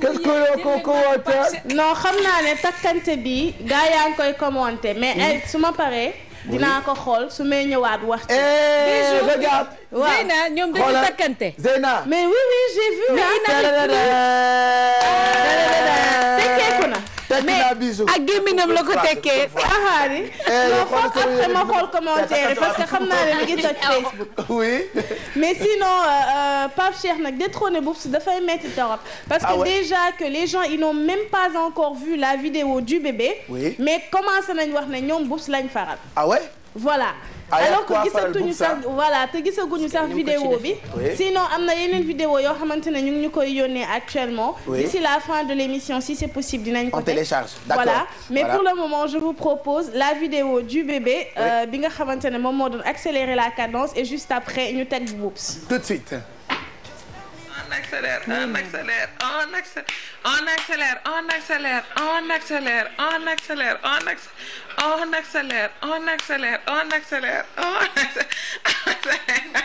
qu'est-ce xam naa ne takkante bi gars yaa koy commenté mais ay hmm. eh, su ma pare dinaa ko xool su may ñëwaat wax ci. Eh, regarde Zeyna ñoom dañu takkante. Zeyna mais oui oui j'ai vu. tekki naa bisu ak gémminam la ko tekkee axaari non xool ak sama xool commentaire parce que xam naa ne mi ngi toj Facebook oui mais sinon euh, euh, Pape Cheikh nag détrôné Boubs dafay metti torop parce ah que déjà que les gens ils n'ont même pas encore vu la vidéo du bébé mais commencé nañ wax ne ñoom Boubs lañ faral ah ouais voilà alors que gisatuñu sa voilà te gisaguñu sax vidéo bi sinon am na yeneen vidéo yoo xamante ne ñu ngi ñu koy yónnee actuellement d'ici la fin de l'émission si c'est possible dinañ ko télécharge voilà mais pour le moment je vous propose la vidéo du bébé euh, bi nga xamante ne moom moo doon accélérer la cadence et juste après ñu teg Boops tout de suite accélère en accélère en accélère en accélère en accélère en accélère en accélère en accélère en accélère en accélère en accélère en accélère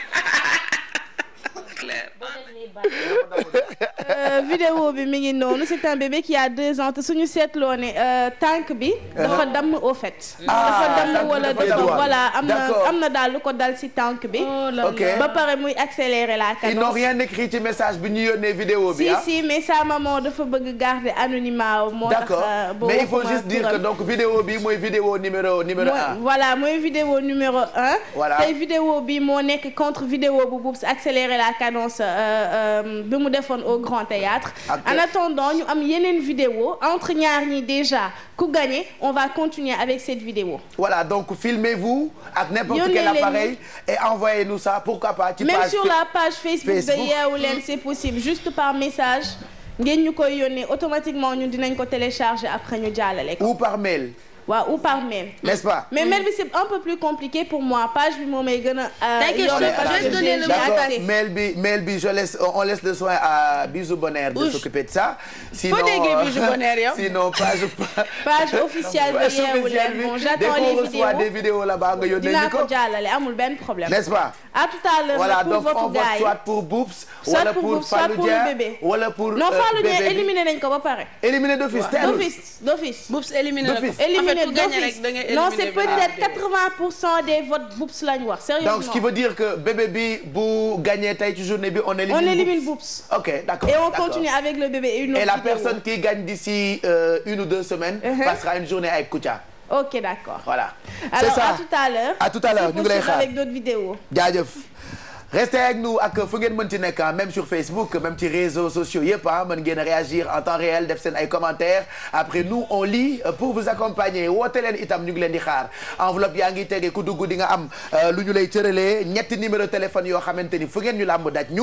clair. Euh, bi mi ngi noonu c'est un bébé qui a deux ans te suñu seetloo ne euh, tànk bi. dafa uh-huh. damm au fait. Ah, dafa damm wala dafa voilà am na am na daal lu ko dal si tànk bi. Oh ba pare muy accélérer la cadence. ils n'ont rien écrit ci message bi ñu yónnee vidéo bi ah. si si mais sa maman dafa bëgg garder anonymat moo tax. Euh, boo mais il faut juste bi mooy vidéo numéro numéro un. nekk contre vidéo accélérer la cadence. annonce euh, euh, bi mu defoon au Grand Théâtre en attendant ñu am yeneen vidéo entre ñaar ñi déjà ku gagné on va continuer avec cette vidéo voilà donc filmez-vous ak n'importe quel appareil et envoyez-nous ça pourquoi pas ci page par message ngeen ñu koy yónnee automatiquement ñun dinañ ko télécharger après ñu jàllale ko ou par mail waaw ou par mail. n'est-ce pas. mais mail bi c'est un peu plus compliqué pour moi page bi moom may gën a. Euh, d'accord mail bi mail bi on laisse le soin à de s'occuper de ça. sinon foo déggee euh, Bijou Bonheur yow. sinon page. de Yeewu Leen bon j'attends les vidéos. dès qu'on reçoit des vidéos là-bas nga yónnee ñu ko. dinaa ko jàllale amul benn problème. n'est-ce pas. tout à l'heure voilà donc on vote soit pour Boubs. soit pour Boubs soit pour non euh, Fallou Dieng éliminé nañu ko ba pare. éliminé d'office. d'office d'office. Boubs éliminé na ko. ne d'office non c'est la ñu wax. sérieusement donc ce qui que bébé bi tey ci bi on élimine. on élimine Boups ok d'accord et on continue avec le bébé une autre vidéo. et la personne qui euh, ou deux semaines. Uh-huh. passera voilà. c'est ça alors à ñu ngi lay xaar avec d'autres vidéos. jaajëf. restez avec nous ak fu ngeen mën ci nekk même sur Facebook même ci réseaux sociaux yëpp ah mën ngeen réagir en temps réel def seen ay commentaires après nous on lit euh, pour vous accompagner woote leen itam ñu ngi leen di xaar enveloppe yaa ngi tege ku dugg di nga am euh, lu ñu lay cëralee ñetti numéro téléphone yoo xamante ni fu ngeen ñu làmb daj